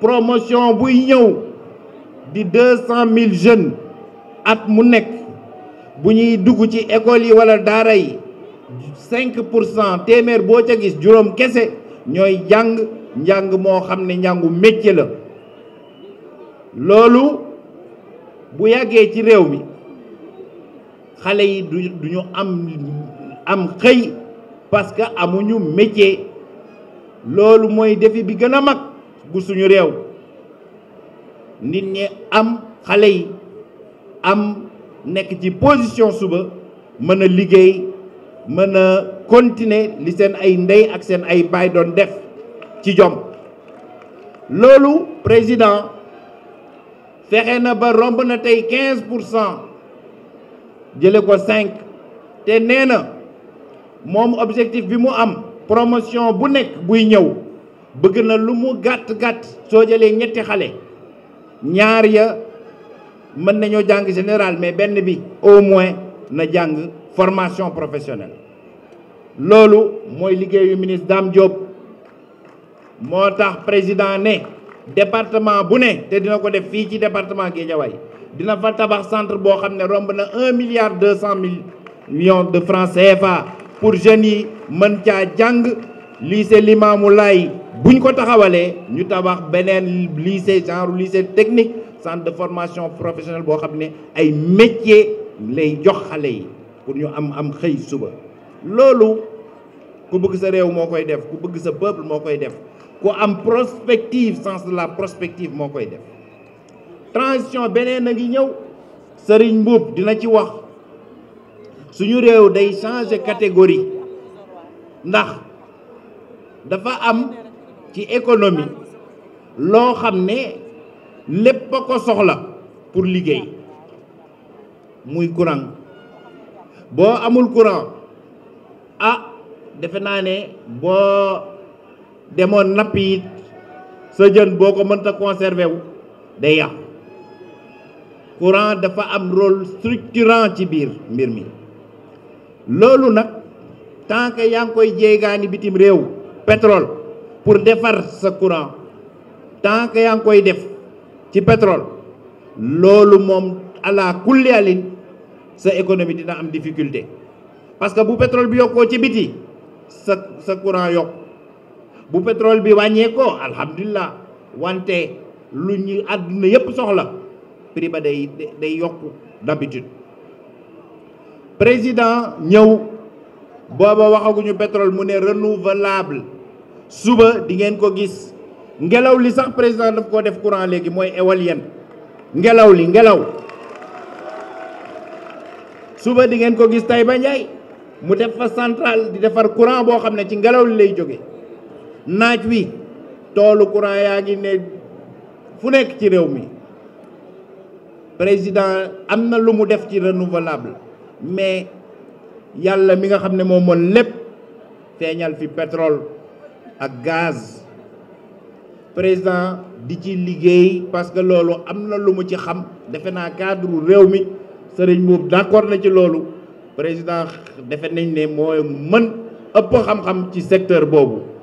promotion bouillon ñëw di jeunes at mu nek bu ñuy dugg ci école yi wala daara yi 5% pour bo ca gis juroom kese ñoy jang jang mo xam ne métier la lolu bu yagge ci réew mi xalé yi duñu am am xey parce que amuñu métier lolu moy défi bi gëna bu suñu réew nit ñi am xalé yi am nekk ci position suba mën liggéey mën continuer li seen ay ndey ak seen ay bay doon def ci jom lolu président fexé na ba romb na tay 15% pour ko 5 té néna mom objectif bi mu am promotion bu nek buy ñew bëgg na lu mu ñetti ñaar ya général mais au moins formation professionnelle loolu mooy liggéeyu ministre Dame Diop président département bu ne te ko département Guédiawaye dina fa centre na milliard millions de francs CFA pour jeunes yi mën lycée Limamou buñ ko taxawalé ñu tabax benen lycée genre lycée technique centre de formation professionnelle bo xamné ay métier lay jox xale yi pour ñu am am xey suba loolu ku bëgg sa réew moo koy def ku bëgg sa peuple moo koy def ku am prospective sens de la prospective moo koy def transition benen nga ngi ñëw Serigne Mboup dina ci wax suñu réew day changer catégorie ndax dafa am ci économie loo xam ne lépp a ko soxla pour liggéey muy courant boo amul courant ah defe naa ne boo demoon napp it sa jën boo ko mënta conserver wu day yàqu courant dafa am rôle structurant ci biir mbir mi loolu nag tant que yaa ngi koy jéegaani bitim réew pétrole pour defar sa courant tant que yaa ngi koy def ci pétrole loolu moom ala kulli alin sa économie dina am difficulté parce que bu pétrole bi yokkoo ci biti sa sa courant yokk bu pétrole bi wàññeekoo alhamdulilah wante lu ñu àdduna yépp soxla prix ba day day yokk d'habitude président ñëw booba waxaguñu pétrole mu ne renouvelable suba di ngeen ko gis ngelaw li sax président daf koo def courant léegi mooy éolienne ngelaw li ngelaw suba di ngeen ko gis ba Ndiaye mu def fa centrale di defar courant boo xam ne ci ngelaw li lay jóge naaj wi toolu courant yaa ngi ne fu nekk ci réew mi président am na lu mu def ci renouvelable mais yàlla mi nga xam ne moom moom lépp seeñal fi pétrole ak gaz président di ci liggéey parce que loolu am na lu mu ci xam defe naa cadre réew mi sëriñ Mbuub d'accord na ci loolu président defe nañ ne mooy mën ëpp xam-xam ci secteur boobu